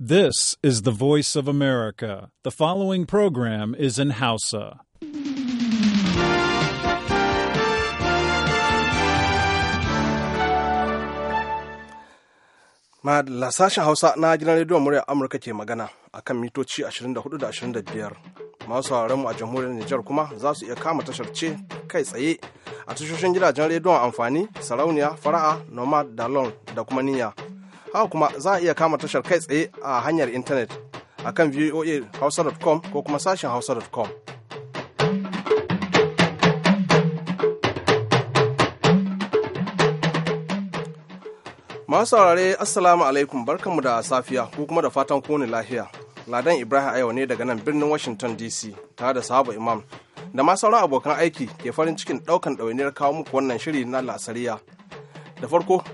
This is the voice of America. The following program is in Hausa. Madalla sashen Hausa na gidan rediyon murya Amurka ke magana a kan mitoci 24 da 25. Masu sauraron mu a jamhuriyar Nijar kuma za su iya kama tashar ce kai tsaye a tashoshin gidajen rediyon amfani, sarauniya, fara'a, nomad, dalon da kuma niyya. haka kuma za a iya kama tashar kai tsaye a hanyar intanet a kan voahausa.com ko kuma sashen hausa.com. Masu saurare Assalamu alaikum barkanmu da safiya ko kuma da fatan kone lafiya. Ladan Ibrahim a yau ne daga nan birnin Washington DC tare da sahaba Imam da ma sauran abokan aiki ke farin cikin ɗaukan ɗawainiyar kawo muku wannan shiri na lasariya. Da farko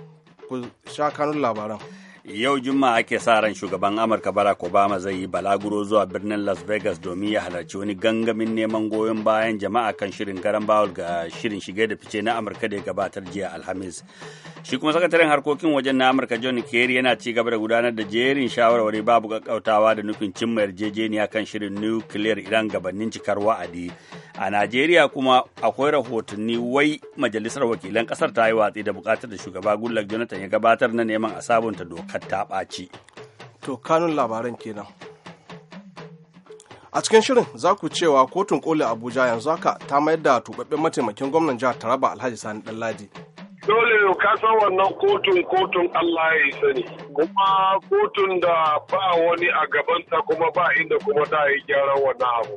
ku sha kanun labaran. yau juma'a ake sa ran shugaban amurka barack obama zai yi balaguro zuwa birnin las vegas domin ya halarci wani gangamin neman goyon bayan jama'a kan shirin garan bawul ga shirin shige da fice na amurka da ya gabatar jiya alhamis shi kuma sakataren harkokin wajen na amurka john kerry yana ci gaba da gudanar da jerin shawarwari babu kakkautawa da nufin cimma yarjejeniya kan shirin nukiliyar iran gabanin cikar wa'adi a najeriya kuma akwai rahotanni wai majalisar wakilan kasar ta yi watsi da bukatar da shugaba goodluck jonathan ya gabatar na neman a sabunta doka kan ta ɓaci. To kanun labaran kenan. A cikin shirin za ku cewa kotun koli Abuja yanzu haka ta mayar da tubabben mataimakin gwamnan jihar Taraba Alhaji Sani Ɗanladi. Dole ka san wannan kotun kotun Allah ya sani. Kuma kotun da ba wani a gabanta kuma ba inda kuma ta yi gyaran wannan abu.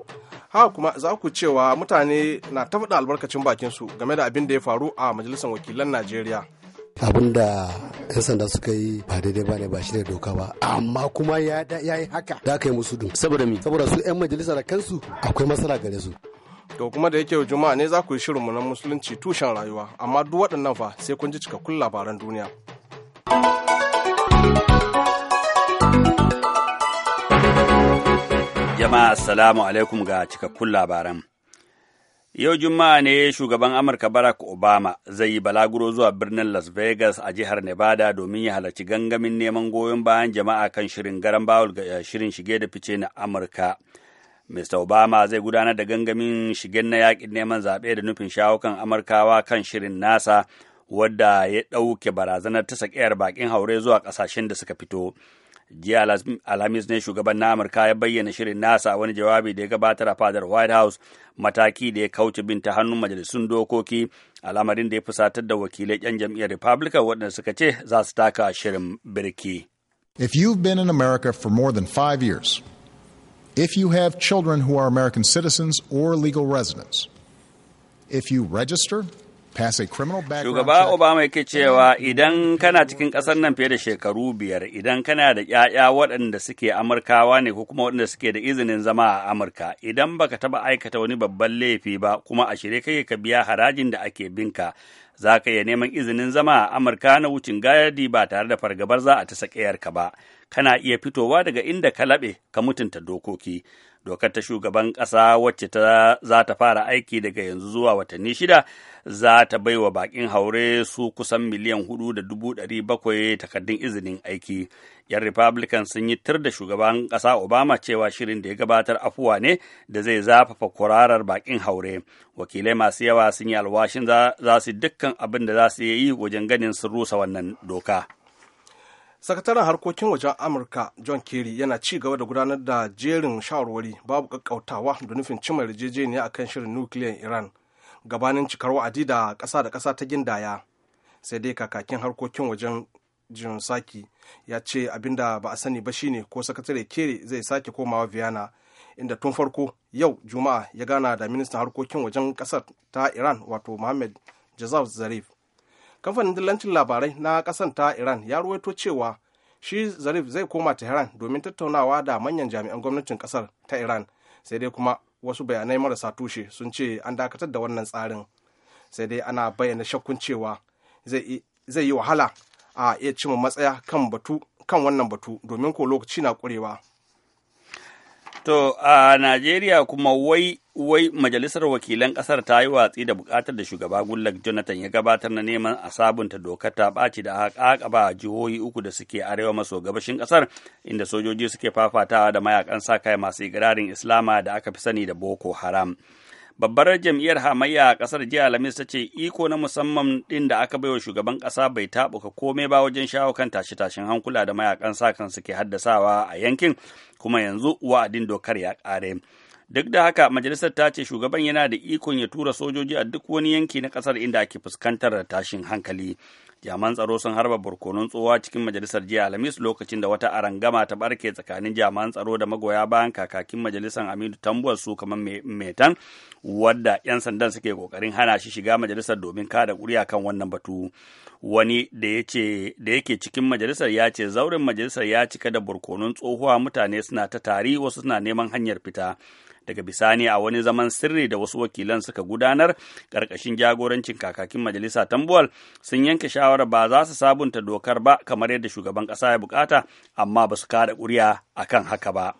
Ha, kuma za ku cewa mutane na ta faɗa albarkacin bakinsu game da abin da ya faru a majalisar wakilan najeriya abin da 'yan sanda suka yi ba daidai ba ne ba shi da doka ba amma kuma ya yi haka da aka yi musu dun saboda mi saboda su 'yan majalisa da kansu akwai masana gare su to kuma da yake juma'a ne za ku yi shirinmu na musulunci tushen rayuwa amma duk waɗannan fa sai kun ji cikakkun labaran duniya jama'a assalamu alaikum ga cikakkun labaran Yau Juma'a ne shugaban Amurka Barack Obama zai yi balaguro zuwa birnin Las Vegas a jihar Nevada domin ya halarci gangamin neman goyon bayan jama'a kan shirin garan bawul ga eh, shirin shige da fice na Amurka. Mr. Obama zai gudanar da gangamin shigen na yakin neman zaɓe da nufin shawo kan Amurkawa kan shirin nasa wadda ya ɗauke barazanar ta sakayar baƙin haure zuwa ƙasashen da suka fito. jiya alhamis ne shugaban na amurka ya bayyana shirin nasa a wani jawabi da ya gabatar a fadar white house mataki da ya kauce bin ta hannun majalisun dokoki al'amarin da ya fusatar da jam'iyyar waɗanda suka ce za su taka shirin birki if you've been in america for more than five years if you have children who are american citizens or legal residents if you register Shugaba Obama yake cewa idan kana cikin ƙasar nan fiye da shekaru biyar, idan kana da ‘ya'ya waɗanda suke Amurkawa ne ko kuma waɗanda suke da izinin zama a Amurka, idan baka taɓa aikata wani babban laifi ba kuma a shirye kake ka biya harajin da ake binka, za ka iya neman izinin zama a Amurka na wucin gadi ba tare da fargabar za a ta sakayarka ba. Kana iya fitowa daga inda ka laɓe ka mutunta dokoki. dokar ta shugaban ƙasa wacce ta za ta fara aiki daga yanzu zuwa watanni shida za ta bai wa baƙin haure su kusan miliyan hudu da dubu ɗari bakwai takardun izinin aiki yan republican sun yi tir da shugaban ƙasa obama cewa shirin da ya gabatar afuwa ne da zai zafafa kwararar baƙin haure wakilai masu yawa sun yi alwashin za su dukkan abin da za su yi wajen ganin sun rusa wannan doka. sakataren harkokin wajen amurka john kerry yana ci gaba da gudanar da jerin shawarwari babu kakkautawa da nufin cimma yarjejeniya akan shirin nukiliyan iran gabanin cikar wa'adi da ƙasa da ƙasa ta gindaya sai dai kakakin harkokin wajen jin saki ya ce abin da ba a sani ba shine ko sakatare kere zai sake komawa Viana inda tun farko yau juma'a ya gana da ministan harkokin wajen ƙasar ta iran wato mohammed jazaf zarif kamfanin dillancin labarai na kasan ta iran ya ruwaito cewa shi zarif zai koma tehran domin tattaunawa da manyan jami'an gwamnatin kasar ta iran sai dai kuma wasu bayanai marasa tushe sun ce an dakatar da wannan tsarin sai dai ana bayyana shakkun cewa zai yi wahala a iya cimma matsaya kan kan wannan batu domin ko lokaci na kurewa To a Najeriya kuma wai wai majalisar wakilan ƙasar ta yi watsi da bukatar da shugaba gullak jonathan ya gabatar na neman a sabunta dokar ta ɓaci da aka ba jihohi uku da suke arewa maso gabashin ƙasar, inda sojoji suke fafatawa da mayakan sa kai masu igirarin islama da aka fi sani da boko haram babbar jam'iyyar hamayya a kasar jiya alhamis ta ce iko na musamman ɗin da aka baiwa shugaban ƙasa bai tabuka komai ba wajen shawo kan tashe-tashen hankula da mayakan sa kan suke haddasawa a yankin kuma yanzu wa'adin dokar ya kare duk da haka majalisar ta ce shugaban yana da ikon ya tura sojoji a duk wani yanki na kasar inda ake fuskantar tashin hankali jaman tsaro sun harba barkonon tsohuwa cikin majalisar jiya alhamis lokacin da wata arangama ta barke tsakanin jaman tsaro da magoya bayan kakakin majalisar aminu tambuwar su kamar metan wadda 'yan sandan suke kokarin hana shi shiga majalisar domin kada kuri'a kan wannan batu wani da yake cikin majalisar ya ce zauren majalisar ya cika da burkonun tsohuwa mutane suna ta tari wasu suna neman hanyar fita daga bisani a wani zaman sirri da wasu wakilan suka gudanar ƙarƙashin jagorancin kakakin majalisa tambuwal sun yanke shawarar ba za su sabunta dokar ba kamar yadda shugaban ƙasa ya bukata amma ba su kada ƙuri'a kan haka ba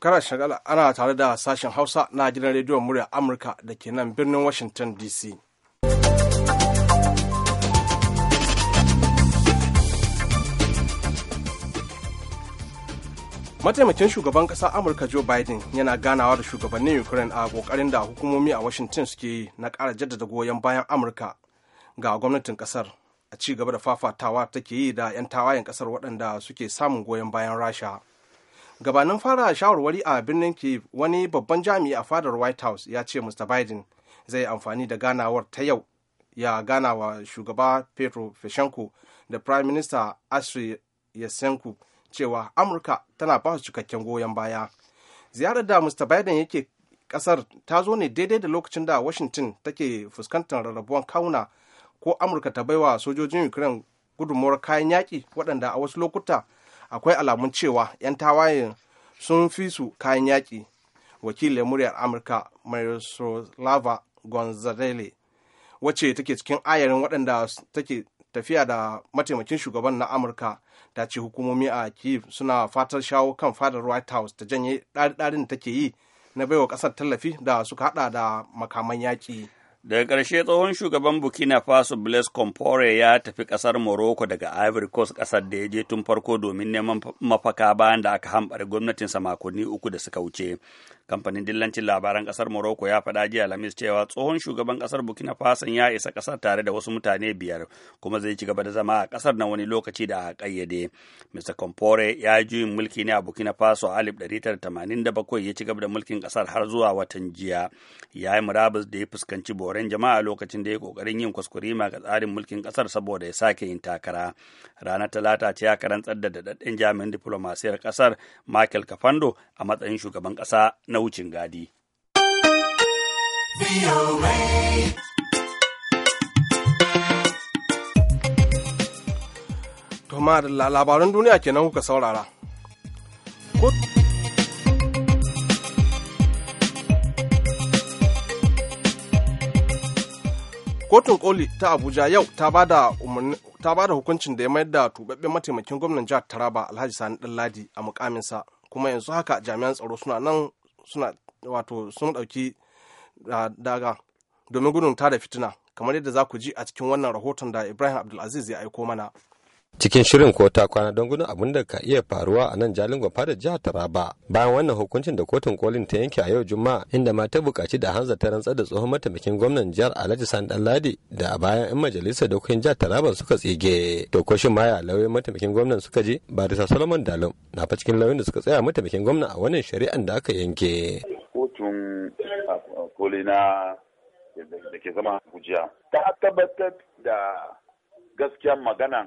kana shagala ana tare da sashen hausa na gidan rediyon murya amurka da ke nan birnin washington dc mataimakin shugaban ƙasar amurka joe biden yana ganawa da shugabannin ukraine a kokarin da hukumomi a washington suke yi na kara jaddada goyon bayan amurka ga gwamnatin ƙasar a ci gaba da fafatawa take yi da 'yan tawayen ƙasar waɗanda suke samun goyon bayan rasha gabanin fara shawarwari a birnin kiev wani babban jami'i a fadar white house ya ce mr biden zai amfani da ganawar ta yau ya gana wa shugaba petro feshenko da prime minister asri yasenko cewa amurka tana ba su cikakken goyon baya ziyarar da mr biden yake kasar ta zo ne daidai da lokacin da washington take fuskantar rarrabuwan kauna ko amurka ta baiwa sojojin ukraine gudunmuwar kayan yaƙi waɗanda a wasu lokuta akwai alamun cewa 'yan tawaye sun fi su kayan yaƙi wakilin muryar amurka marisolava gonzalele wacce take cikin ayarin waɗanda take tafiya da mataimakin shugaban na amurka ta ce hukumomi a kiev suna fatar shawo kan fadar white house ta janye ɗari-ɗarin da take yi na baiwa ƙasar tallafi da suka haɗa da makaman yaƙi daga ƙarshe tsohon shugaban burkina faso blaise compaore ya tafi ƙasar morocco daga ivory coast ƙasar da ya je tun farko domin neman mafaka bayan da aka hanɓare gwamnatinsa makonni uku da suka wuce kamfanin dillancin labaran kasar morocco ya faɗa jiya lamis cewa tsohon shugaban kasar burkina faso ya isa kasar tare da wasu mutane biyar kuma zai ci gaba da zama a kasar na wani lokaci da a kayyade mr compore ya juyin mulki ne a burkina faso a 1987 ya ci gaba da mulkin kasar har zuwa watan jiya ya yi murabus da ya fuskanci boren jama'a lokacin da ya kokarin yin kuskurima ga tsarin mulkin kasar saboda ya sake yin takara ranar talata ce ya rantsar da daɗaɗɗen jami'in diplomasiyar kasar michael kafando a matsayin shugaban kasa na na wucin gadi. Toma da labaran duniya kenan kuka saurara. Kotun koli ta Abuja yau ta ba da hukuncin da ya mayar da tubabben mataimakin gwamnan jihar Taraba Alhaji Sani Ɗanladi a mukaminsa kuma yanzu haka jami'an tsaro suna nan suna wato sun ɗauki daga domin gudun tada fitina kamar yadda za ku ji a cikin wannan rahoton da ibrahim abdulaziz ya aiko mana cikin shirin ko ta kwana don gudun abin da ka iya faruwa a nan jalin gwafa da jihar taraba bayan wannan hukuncin da kotun kolin ta yanke a yau juma'a inda ma ta buƙaci da hanza ta rantsar da tsohon mataimakin gwamnan jihar alhaji san ladi da a bayan yan majalisa dokokin jihar taraba suka tsige to ko shin maya lauyoyin mataimakin gwamnan suka je barisa solomon dalum na fa cikin lauyoyin da suka tsaya mataimakin gwamnan a wannan shari'an da aka yanke kotun koli na da ke zama abuja ta tabbatar da gaskiyar maganan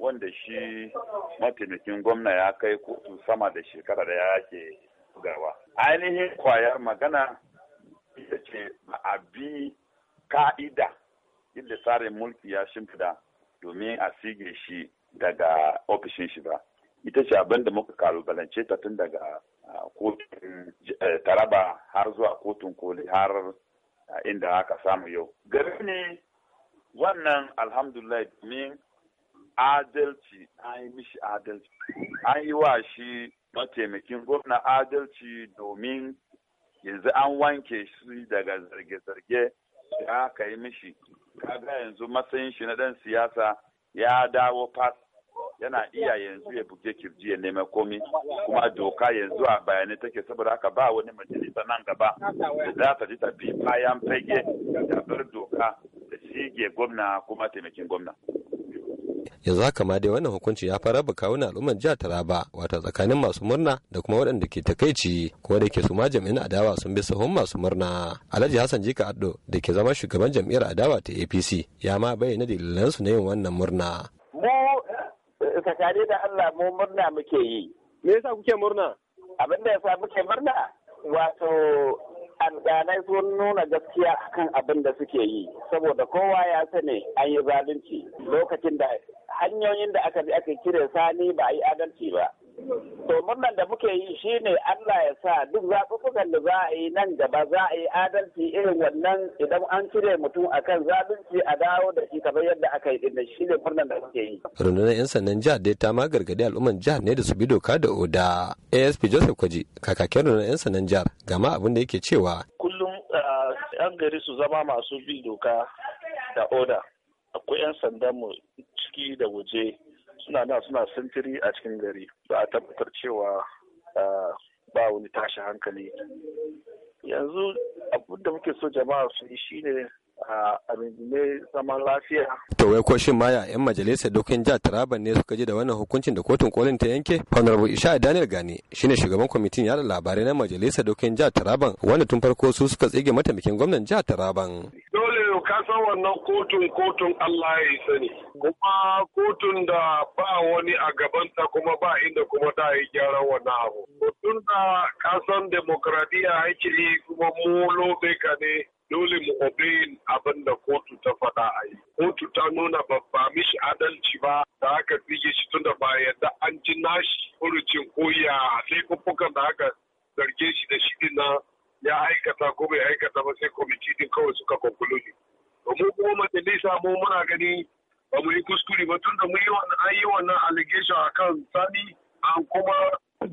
wanda shi mataimakin gwamna ya kai kotu sama da shekara da ya ke gawa. Ainihin kwayar magana ita ce a bi ka'ida inda tsarin mulki ya shimfida domin a sige shi daga ofishin shi ba. Ita ce abin da muka kalubalance ta tun daga kotun eh, taraba har zuwa kotun koli har inda aka samu yau. Gari ne wannan alhamdulillah domin adalci an yi mishi adalci an yi wa shi mataimakin gwamna adalci domin yanzu an wanke shi daga zarge-zarge da aka yi mishi kaga yanzu matsayin shi na dan siyasa ya dawo fas yana iya yanzu ya buge kirji ya nema komi kuma doka yanzu a bayanai take saboda haka ba wani majalisa nan gaba da za ta ji tafi bayan fage da bar doka da shige gwamna kuma taimakin gwamna. yanzu haka ma dai wannan hukunci ya fara ba kawuna al'ummar jihar Taraba wato tsakanin masu murna da kuma waɗanda ke takaici ko da ke su ma jami'an adawa sun bi sahun masu murna Alhaji Hassan Jika Addo da ke zama shugaban jam'iyyar adawa ta APC ya ma bayyana dalilan su na yin wannan murna mu tsakani da Allah mu murna muke yi me yasa kuke murna abin da yasa muke murna wato alƙalai sun nuna gaskiya kan abin da suke yi saboda kowa ya sani an yi zalunci lokacin da hanyoyin da aka bi aka kire sani ba a yi adalci ba To murnan da muke yi shine Allah ya sa duk zaɓuɓɓukan da za a yi nan gaba za a yi adalci irin wannan idan an cire mutum akan zalunci a dawo da shi kamar yadda aka yi din da ne murnan da muke yi. Rundunar 'yan sandan jihar dai ta ma gargaɗi al'umman jihar ne da su bi doka da oda. ASP Joseph Kwaji kakakin rundunar 'yan sandan jihar gama abin da yake cewa. Kullum 'yan gari su zama masu bi doka da oda. Akwai 'yan sandanmu ciki da waje suna nan suna sintiri a cikin gari ba a tabbatar cewa ba wani tashi hankali yanzu abin da muke so jama'a su yi shine a rundume zaman lafiya. To wai ko shin maya 'yan majalisar dokin jihar Taraba ne suka ji da wannan hukuncin da kotun kolin ta yanke? Honorable Isha Daniel Gani shine shugaban kwamitin yada labarai na majalisar dokin jihar Taraban wanda tun farko su suka tsige mataimakin gwamnan jihar Taraban. ka wannan kotun kotun Allah ya sani kuma kotun da ba wani a gabanta kuma ba inda kuma ta yi gyaran wannan abu kotun da ka san demokradiya haikili kuma mu lobe ka ne dole mu obeyin abin da kotu ta faɗa a yi. Kotu ta nuna babba mishi adalci ba da aka bige shi tun da ba yadda an ji nashi furucin koya laifuffukan da aka zarge shi da shi na ya aikata ko bai aikata ba sai kwamiti din kawai suka konkuluni. mu kuma majalisa mu muna gani ba mu yi kuskure ba tunda mu yi wannan an yi wannan allegation akan sani an kuma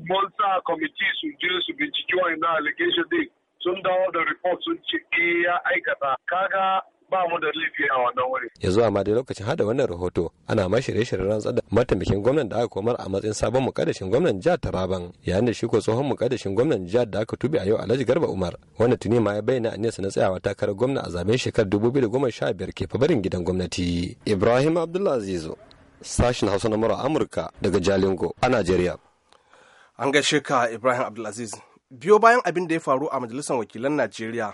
mun sa kwamiti su je su binciki wannan allegation din sun dawo da report sun ce eh ya aikata kaga ba mu da laifi a wannan wuri. Ya zuwa ma dai lokacin hada wannan rahoto ana ma shirye-shiryen rantsar da mataimakin gwamnan da aka komar a matsayin sabon mukaddashin gwamnan jihar Taraban yayin da shi ko tsohon mukaddashin gwamnan jihar da aka tubi a yau Alhaji Garba Umar wanda tuni ma ya bayyana aniyarsa na tsayawa takarar gwamna a zaben shekarar 2015 ke fabarin gidan gwamnati. Ibrahim Abdulaziz sashin Hausa na mura Amurka daga Jalingo a Najeriya. An gaishe ka Ibrahim Abdulaziz. Biyo bayan abin da ya faru a Majalisar Wakilan Najeriya,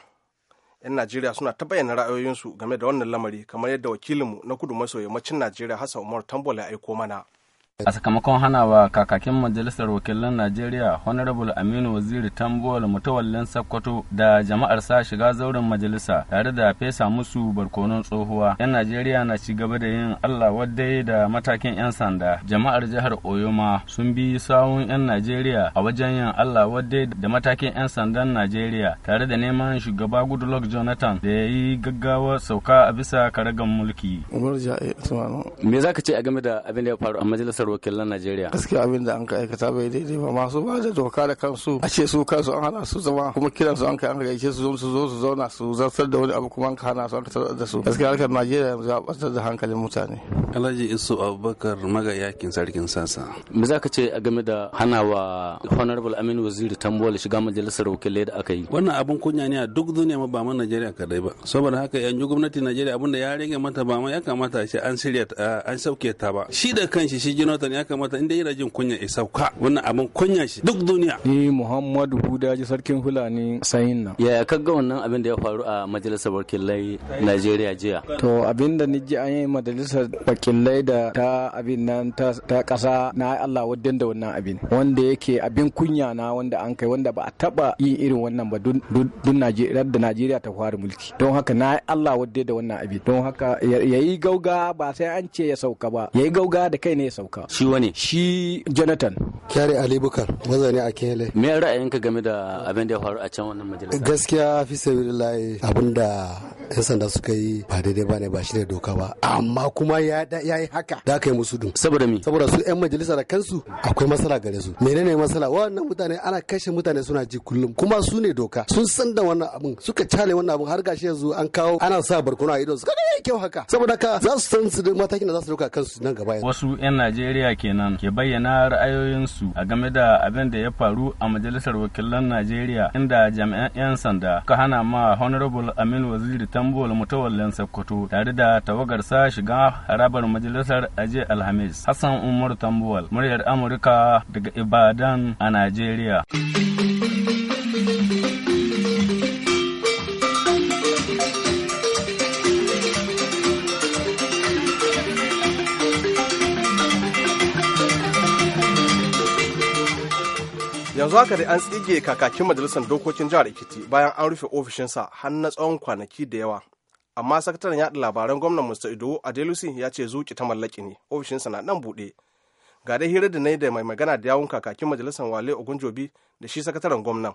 'yan najeriya suna ta bayyana ra'ayoyinsu game da wannan lamari kamar yadda wakilinmu na kudu maso yammacin najeriya hassan umar tambola ya aiko mana A sakamakon hana wa kakakin Majalisar Wakilan Najeriya Honorable Aminu Waziri Tambuwal Mutawallin Sakkwato da jama'ar sa shiga zauren majalisa tare da fesa musu barkonon tsohuwa. 'Yan Najeriya na ci gaba da yin Allah waddai da matakin 'yan sanda. Jama'ar jihar Oyoma sun bi sawun 'yan Najeriya a wajen yin Allah waddai da matakin 'yan sandan Najeriya tare da neman shugaba Goodluck Jonathan da ya yi gaggawa sauka a bisa karagan mulki. Me za ka ce a game da abin da ya faru a majalisar majalisar wakilan najeriya gaskiya abin da an ka aikata bai daidai ba masu ba da doka da kansu a ce su kansu an hana su zama kuma kiran su an kai an gaice su zo su zo su zauna su zartar da wani abu kuma an hana su an ka da su gaskiya harkar najeriya yanzu ya batar da hankalin mutane alhaji isu abubakar magayakin sarkin sasa me za ka ce a game da hanawa honorable aminu waziri tambuwal shiga majalisar wakilai da aka yi wannan abin kunya ne a duk duniya ma ba mu najeriya kadai ba saboda haka yanzu gwamnatin najeriya abin da ya rage mata ba ma ya kamata a ce an shirya an sauke ta ba shi da kanshi shi jino jonathan ya kamata inda yana jin kunya ya sauka wannan abin kunya shi duk duniya ni muhammadu hudaji sarkin fulani sayin nan ya kaga wannan abin da ya faru a majalisar wakilai najeriya jiya to abin da ni ji an yi majalisar wakilai da ta abin nan ta kasa na allah wadden da wannan abin wanda yake abin kunya na wanda an kai wanda ba a taba yin irin wannan ba dun da najeriya ta fara mulki don haka na allah wadde da wannan abin don haka yayi gauga ba sai an ce ya sauka ba yayi gauga da kai ne ya sauka ba shi wani shi jonathan kyare ali bukar mazauni a kele me ra'ayinka game da abin da ya faru a can wannan majalisa gaskiya fi sabilillahi abin da yan sanda suka yi ba daidai ba ne ba shi da doka ba amma kuma ya yi haka da aka yi musu dun saboda mi saboda su yan majalisa da kansu akwai matsala gare su menene matsala wannan mutane ana kashe mutane suna ji kullum kuma su ne doka sun san da wannan abin suka cale wannan abin har gashi yanzu an kawo ana sa barkuna a idon su kada kyau haka saboda ka za su san su matakin da za su dauka kansu nan gaba wasu yan najeriya Najeriya kenan ke bayyana ra'ayoyinsu a game da abin da ya faru a Majalisar Wakilan Najeriya inda jami'an 'yan sanda ka hana ma Honorable Aminu Waziri Tambol Mutawallin Sokoto tare da tawagarsa shiga harabar majalisar Aje Alhamis. Hassan Umar Tambol, muryar Amurka daga Ibadan a Najeriya. yanzu haka dai an tsige kakakin majalisar dokokin jihar ikiti bayan an rufe ofishinsa har na tsawon kwanaki da yawa amma sakataren yaɗa labaran gwamnan Mr. Idowu Adelusi ya ce zuki ta mallaki ne ofishinsa na nan buɗe ga dai hira da na yi da mai magana da yawun kakakin majalisar Wale Ogunjobi da shi sakataren gwamnan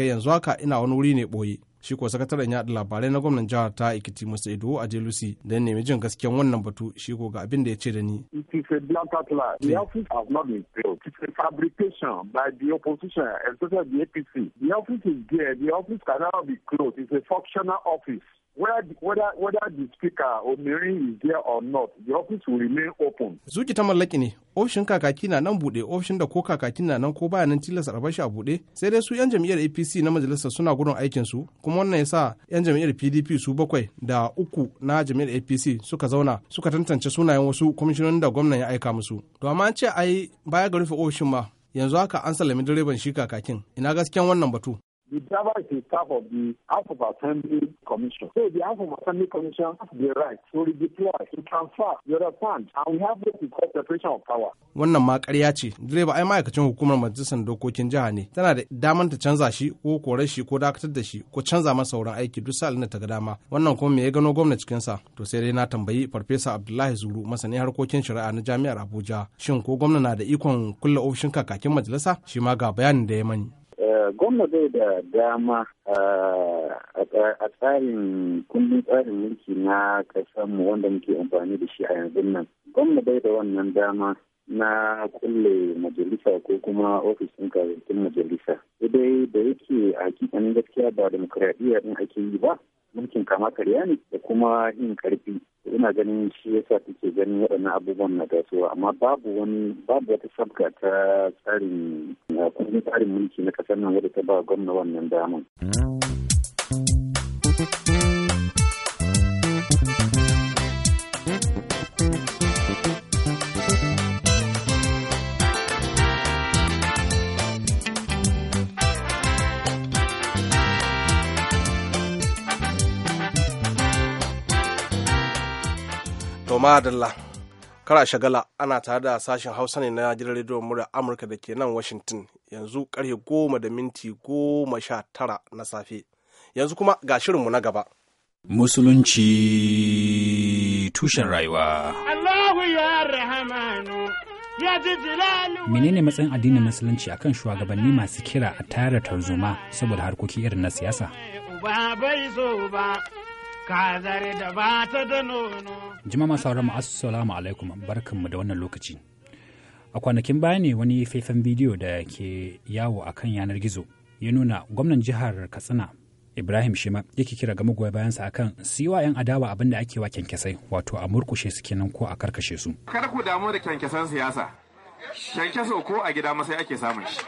kai yanzu haka ina wani wuri ne boye shi ko sakataren yaɗa labarai na gwamnan jihar ta ikiti musa edo a jelusi da ya nemi jin gaskiyan wannan batu shi ko ga abin da ya ce da ni. it is a blatant lie the hmm. office has not been built it is a fabrication by the opposition especially the apc the office is there the office cannot be closed it is a functional office whether, the speaker Omirin is there or not, the office will remain open. Zuki ta mallaki ne, ofishin kakaki na nan bude ofishin da ko kakaki na nan ko baya nan tilas a rabashi a bude sai dai su 'yan jam'iyyar APC na majalisa suna gudun aikin su, kuma wannan ya sa 'yan jam'iyyar PDP su bakwai da uku na jam'iyyar APC suka zauna suka tantance sunayen wasu kwamishinan da gwamnan ya aika musu. To amma an ce ai baya ga rufe ofishin ma yanzu haka an sallami direban shi kakakin ina gasken wannan batu the driver is a staff of the House of Assembly Commission. So the House of Assembly Commission has the right to redeploy, to transfer, you understand? And we have what we call separation of power. Wannan ma ƙarya ce, direba ai ma'aikacin hukumar majalisar dokokin jiha ne, tana da damar ta canza shi ko korar shi ko dakatar da shi ko canza masa wurin aiki duk sa'alin da ta ga dama. Wannan kuma me ya gano gwamna cikinsa? To sai dai na tambayi Farfesa Abdullahi Zuru masanin harkokin shari'a na Jami'ar Abuja. Shin ko gwamna na da ikon kulle ofishin kakakin majalisa? Shi ma ga bayanin da ya mani. Eh, gwamna bai da dama eh, a tsarin kundin tsarin mulki na mu wanda muke amfani da shi a yanzu nan gwamna bai da wannan dama na kulle majalisa ko kuma ofishin karancin majalisa idai da yake a gaskiya ba demokradiyya ɗin ake yi ba mulkin kama karya ne da kuma yin karfi ina ganin shi yasa take ganin waɗannan abubuwan na tasowa amma babu wani babu wata sabga ta tsarin kuma tsarin mulki na ƙasar nan wadda ta ba gwamna wannan daman. Mm. madalla kara shagala ana tare da sashen hausa ne na gidan rediyon murya amurka da ke nan washington yanzu karfe goma da minti goma sha tara na safe yanzu kuma ga shirinmu na gaba musulunci tushen rayuwa Allahu ya menene matsayin addinin musulunci akan shugabanni masu kira a tare tarzoma saboda harkoki irin na siyasa kazar da ba ta da nono. Jima masu sauran mu assalamu alaikum barkanmu da wannan lokaci. A kwanakin baya ne wani faifan bidiyo da ke yawo a kan yanar gizo ya nuna gwamnan jihar Katsina Ibrahim Shima yake kira ga magoya bayansa akan siwa yan adawa abin da ake wa kyankyasai wato a murkushe su kenan ko a karkashe su. Kada ku damu da kyankyasan siyasa. Kyankyaso ko a gida masai ake samun shi.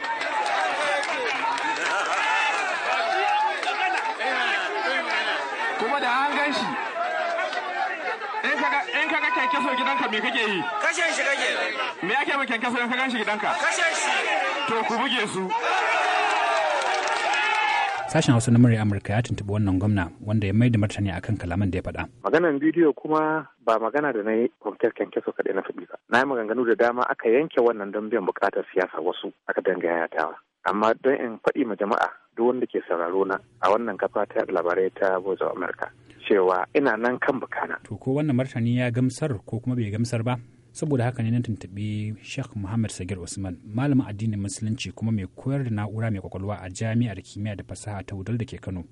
an gan in so gidanka me kake yi kashe shi kake ma in ka gan gidanka to ku buge su sashen hausa na murya amurka ya tuntuɓi wannan gwamna wanda ya mai da martani akan kalaman da ya faɗa. maganan bidiyo kuma ba magana da na yi kwamfutar kyankyaso kaɗai na faɗi ba na yi maganganu da dama aka yanke wannan don biyan buƙatar siyasa wasu aka dangaya tawa amma don in faɗi ma jama'a duk wanda ke sauraro na a wannan kafa ta labarai ta Voice of America cewa ina nan kan bukana. To ko wannan martani ya gamsar ko kuma bai gamsar ba? Saboda haka ne na tuntuɓi Sheikh Muhammad Sagir Usman, malamin addinin Musulunci kuma mai koyar da na'ura mai kwakwalwa a Jami'ar Kimiyya da Fasaha ta Wudal da ke Kano.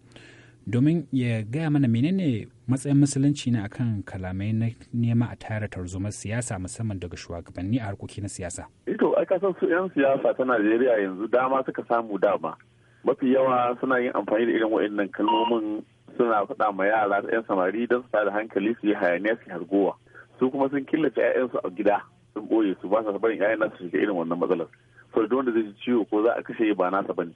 Domin ya gaya mana menene matsayin musulunci na akan kalamai na nema a tara tarzomar siyasa musamman daga shugabanni a harkoki na siyasa. Ito, eh aka san su 'yan siyasa ta Najeriya yanzu dama suka samu dama. mafi yawa suna yin amfani da irin wa'annan kalmomin suna faɗa ma yara da 'yan samari don su da hankali su yi hayaniya su hargowa su kuma sun killace 'ya'yansu a gida sun ɓoye su ba sa barin 'ya'yan su shiga irin wannan matsalar sau da wanda zai ji ciwo ko za a kashe ba nasa bane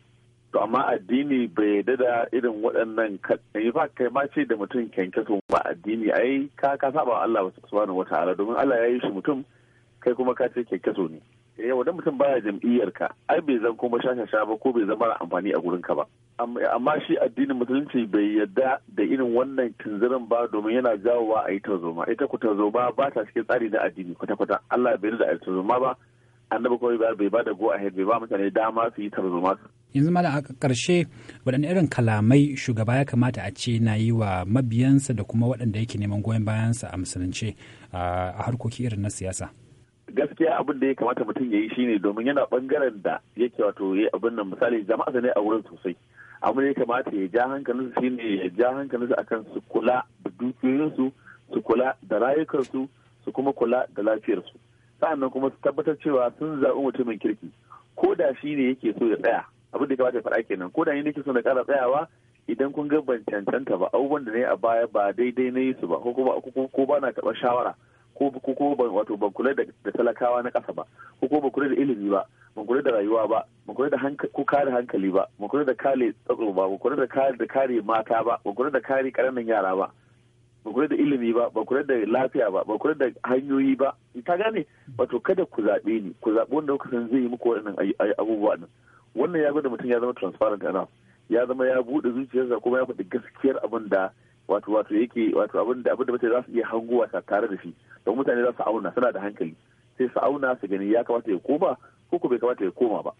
to amma addini bai yarda da irin waɗannan in fa kai ma ce da mutum kyankyaso ba addini ai ka ka saba Allah subhanahu wataala domin Allah ya yi shi mutum kai kuma ka ce kyankyaso ne eh da mutum baya jam'iyyar ka ai bai zan kuma sha ba ko bai zama amfani a gurin ka ba amma shi addinin musulunci bai yadda da irin wannan tunzirin ba domin yana jawowa a yi tarzoma ita ku tarzoma ba ta cikin tsari na addini kwata-kwata Allah bai da a tarzoma ba annabi kawai ba bai ba da go ahead bai ba mutane dama su yi tarzoma yanzu malam a ƙarshe waɗanne irin kalamai shugaba ya kamata a ce na yi wa mabiyansa da kuma waɗanda yake neman goyon bayansa a musulunce a harkoki irin na siyasa gaskiya abin da ya kamata mutum ya yi shine domin yana bangaren da yake wato ya abin nan misali jama'a ne a wurin sosai abin da ya kamata ya ja hankalinsu shine ya ja hankalinsu akan su kula da dukiyoyinsu su kula da rayukansu su kuma kula da lafiyarsu sa'annan kuma su tabbatar cewa sun zaɓi mutumin kirki ko da shi ne yake so ya tsaya abin da ya kamata ya faɗa kenan ko da ni ke so na ƙara tsayawa idan kun ga ban cancanta ba abubuwan da na yi a baya ba daidai na yi su ba ko kuma ko ba na karɓar shawara ko ko wato ban kula da talakawa na ƙasa ba ko ko ban kula da ilimi ba ban kula da rayuwa ba ban kula da ko kare hankali ba ban kula da kare tsaro ba ban kula da kare da kare mata ba ban kula da kare karamin yara ba ban kula da ilimi ba ban kula da lafiya ba ban kula da hanyoyi ba ka gane wato kada ku zaɓe ni ku zaɓi wanda kuka san zai yi muku waɗannan abubuwa din wannan ya gwada mutum ya zama transparent ana ya zama ya buɗe zuciyarsa kuma ya faɗi gaskiyar abin da wato wato yake wato abin da abin da mutane za su iya hango wasa tare da shi don mutane za su auna suna da hankali sai su auna su gani ya kamata ya koma ko ko bai kamata ya koma ba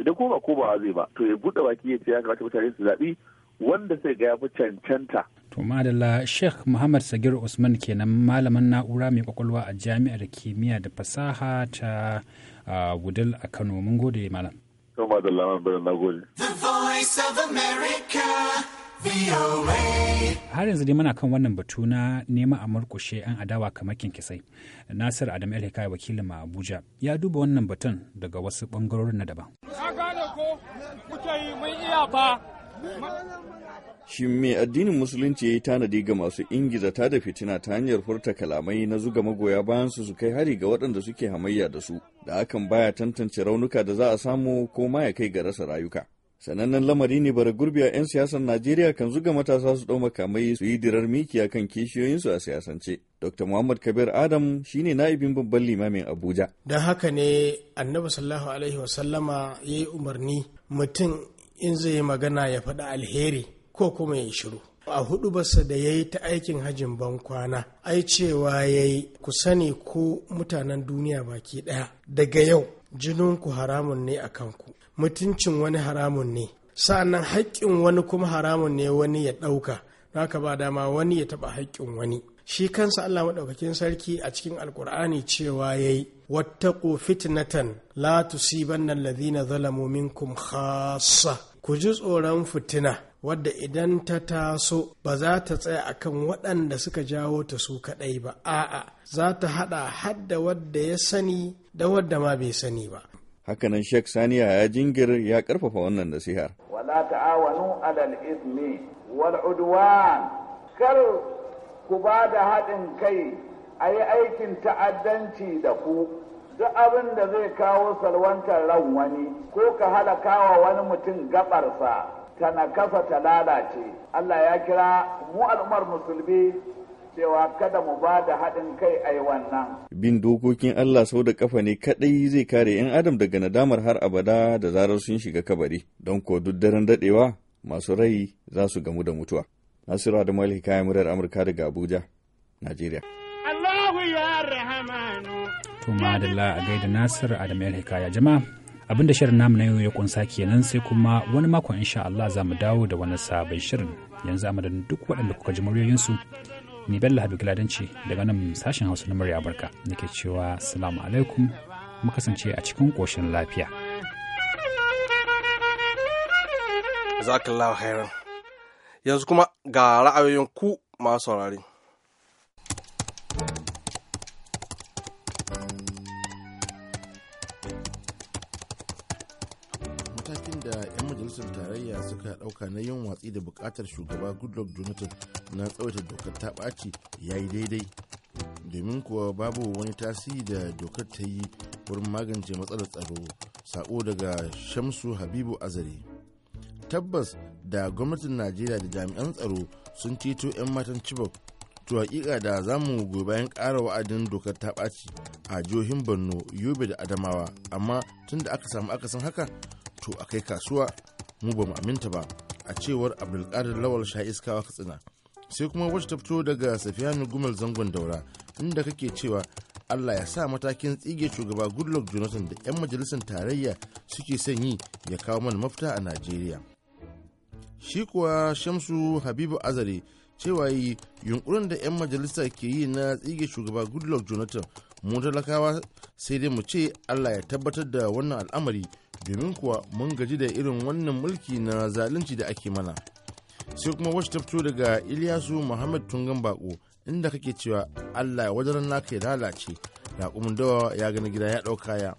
idan koma ko ba zai ba to ya buɗe baki ya ce ya kamata mutane su zaɓi wanda sai ga ya fi cancanta. To madalla Sheikh Muhammad Sagir Usman kenan malamin na'ura mai kwakwalwa a jami'ar kimiyya da fasaha ta Wudil a Kano mun gode malam. To madalla man na gode. The Voice of America. Har yanzu dai muna kan wannan batu na nema a murkushe an adawa kamar kinkisai. Nasir Adam El Hikaya wakilin ma Abuja ya duba wannan batun daga wasu ɓangarorin na daban. gane Shi mai addinin Musulunci ya yi tanadi ga masu ingiza ta da fitina ta hanyar furta kalamai na zuga magoya bayan su su kai hari ga waɗanda suke hamayya da su, da hakan baya tantance raunuka da za a samu ko ma ya kai ga rasa rayuka. sanannen lamari ne bara gurbi a 'yan siyasar najeriya kan zuga matasa su ɗau makamai su yi dirar mikiya kan kishiyoyinsu a siyasance dr muhammad kabir adam shine na'ibin babban limamin abuja don haka ne annabi sallallahu alaihi wasallama ya yi umarni mutum in zai yi magana ya faɗi alheri ko kuma ya shiru a hudu basa da ya yi ta aikin hajjin bankwana ai cewa ya yi ku sani ko mutanen duniya baki daya daga yau jininku haramun ne a kanku mutuncin wani haramun ne sa'annan haƙƙin wani kuma haramun ne wani ya ɗauka haka ba dama wani ya taɓa haƙƙin wani shi kansa Allah maɗaukakin sarki a cikin alkur'ani cewa ya yi wattaƙo fitnatan la tusibanna alladhina zalamu minkum ku ji tsoron fitina wadda idan ta taso ba za ta tsaya a kan waɗanda suka jawo ta su kaɗai ba a'a za ta haɗa hadda wadda ya sani da wadda ma bai sani ba hakanan shek saniya ya jingir ya karfafa wannan nasihar wala ta'awanu alal ismi wal udwan kar ku ba da haɗin kai a yi aikin ta'addanci da ku duk abin da zai kawo salwantar ran wani ko ka halakawa wani mutum gabarsa ta kafa ta lalace Allah ya kira mu al'ummar musulmi cewa kada mu ba da haɗin kai a yi wannan. Bin dokokin Allah sau da kafa ne kaɗai zai kare 'yan Adam daga nadamar har abada da zarar sun shiga kabari, don ko duk daren daɗewa masu rai za su gamu da mutuwa. Nasiru da kayan murar Amurka daga Abuja, Najeriya. Allahu ya rahamanu. Tuma Adalla a gaida Nasiru Adam Hikaya jama'a. abin da shirin namu na yau ya kunsa kenan sai kuma wani makon insha Allah za mu dawo da wani sabon shirin yanzu a madadin duk waɗanda kuka ji muryoyinsu ni bella Habib Ladanci daga nan sashen Hausa na murya barka nake cewa salamu alaikum mu kasance a cikin koshin lafiya. Zakallahu khairan. Yanzu kuma ga ra'ayoyin ku masu saurari. majalisar tarayya suka dauka na yin watsi da bukatar shugaba goodluck jonathan na tsawaita dokar ta ɓaci ya yi daidai domin kuwa babu wani tasiri da dokar ta yi wurin magance matsalar tsaro sako daga shamsu habibu azare tabbas da gwamnatin najeriya da jami'an tsaro sun ceto 'yan matan chibok to hakika da za mu bayan kara wa'adin dokar ta ɓaci a jihohin borno yobe da adamawa amma tunda aka samu akasin haka to a kai kasuwa mu ba mu aminta ba a cewar abdulkadir lawal wa katsina sai kuma wacce ta fito daga safiyanu gumal zangon daura inda kake cewa allah ya sa matakin tsige shugaba goodluck jonathan da 'yan majalisar tarayya suke son yi ya kawo mana mafita a nigeria. shi kuwa shamsu habibu azare cewa yi yunkurin da 'yan majalisa ke yi na tsige shugaba goodluck jonathan mu talakawa sai dai mu ce allah ya tabbatar da wannan al'amari domin kuwa mun gaji da irin wannan mulki na zalunci da ake mana sai kuma wacce ta daga iliyasu muhammad tungan bako inda kake cewa allah ya wajen naka ya lalace raƙumin dawa ya gani gida ya ɗauka ya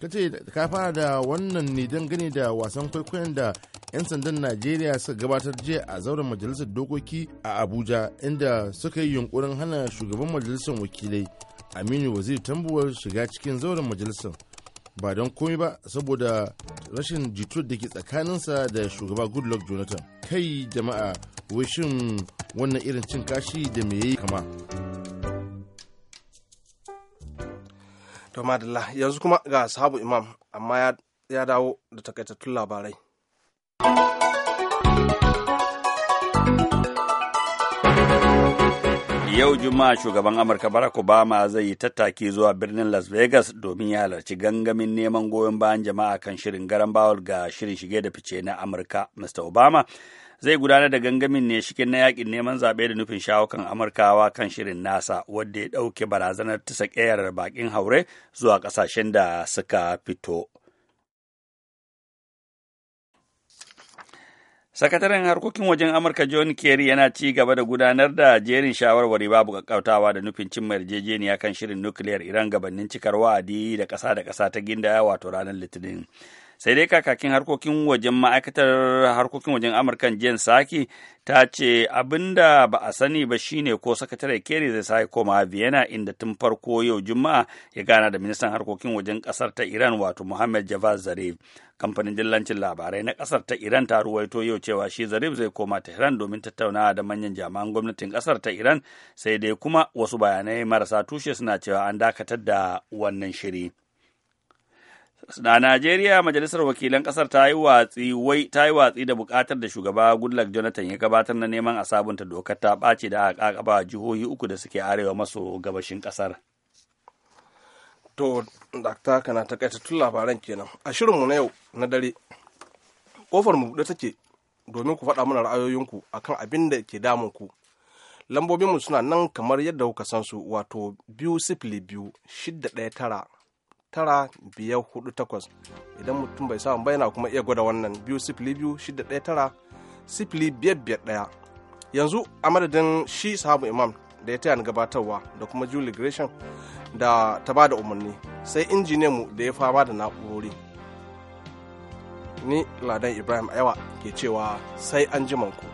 ka ce ka fara da wannan ne don gani da wasan kwaikwayon da 'yan sandan najeriya suka gabatar jiya a zauren majalisar dokoki a abuja inda suka yi yunkurin hana shugaban majalisar wakilai aminu waziri tambuwar shiga cikin zauren majalisar ba don komi ba saboda rashin jito da ke tsakaninsa da shugaba goodluck jonathan kai jama'a wishin wannan irin cin kashi da me yi kama madalla yanzu kuma ga sahabu imam amma ya dawo da takaitattun labarai Yau Juma'a shugaban Amurka Barack Obama zai yi tattaki zuwa birnin Las Vegas domin ya halarci gangamin neman goyon bayan jama'a kan shirin garan bawul ga shirin shige da fice na Amurka. Mr. Obama zai gudanar da gangamin ne shikin na yakin neman zaɓe da nufin shawo kan Amurkawa kan shirin nasa wadda ya ɗauke barazanar tisa ƙeyar baƙin haure zuwa ƙasashen da suka fito. Sakataren harkokin wajen Amurka John Kerry yana ci gaba da gudanar da jerin shawarwari babu kakkautawa da nufin cimma yarjejeniya kan shirin nukiliyar Iran gabanin cikar wa'adi da ƙasa da ƙasa ta ginda wato ranar Litinin. sai dai kakakin harkokin wajen ma'aikatar harkokin wajen amurkan jen saki ta ce abinda ba a sani ba shine ko sakatare kerry zai sake koma vienna inda tun farko yau juma'a ya gana da ministan harkokin wajen kasar ta iran wato muhammad javad zarif kamfanin dillancin labarai na kasar ta iran ta ruwaito yau cewa shi zarif zai koma tehran domin tattaunawa da manyan jami'an gwamnatin kasar ta iran sai dai kuma wasu bayanai marasa tushe suna cewa an dakatar da wannan shiri. Da Najeriya majalisar wakilan kasar ta yi watsi wai ta yi watsi da bukatar da shugaba Goodluck Jonathan ya gabatar na neman a sabunta dokar ta bace da aka kaba jihohi uku da suke arewa maso gabashin kasar. To, dakta kana tun labaran kenan. A shirin mu na yau na dare, kofar mu buɗe take domin ku faɗa mana ra'ayoyinku akan abin da ke damun ku. Lambobinmu suna nan kamar yadda kuka san su wato biyu sifili biyu shidda ɗaya tara tara biyar hudu takwas idan mutum bai samu yana kuma iya gwada wannan biyu sifili biyu shida ɗaya tara sifili biyar biyar ɗaya yanzu a madadin shi sahabu imam da ya taya ni gabatarwa da kuma juli gresham da ta ba da umarni sai injiniyan mu da ya fama da na'urori ni ladan ibrahim ayawa ke cewa sai an ku.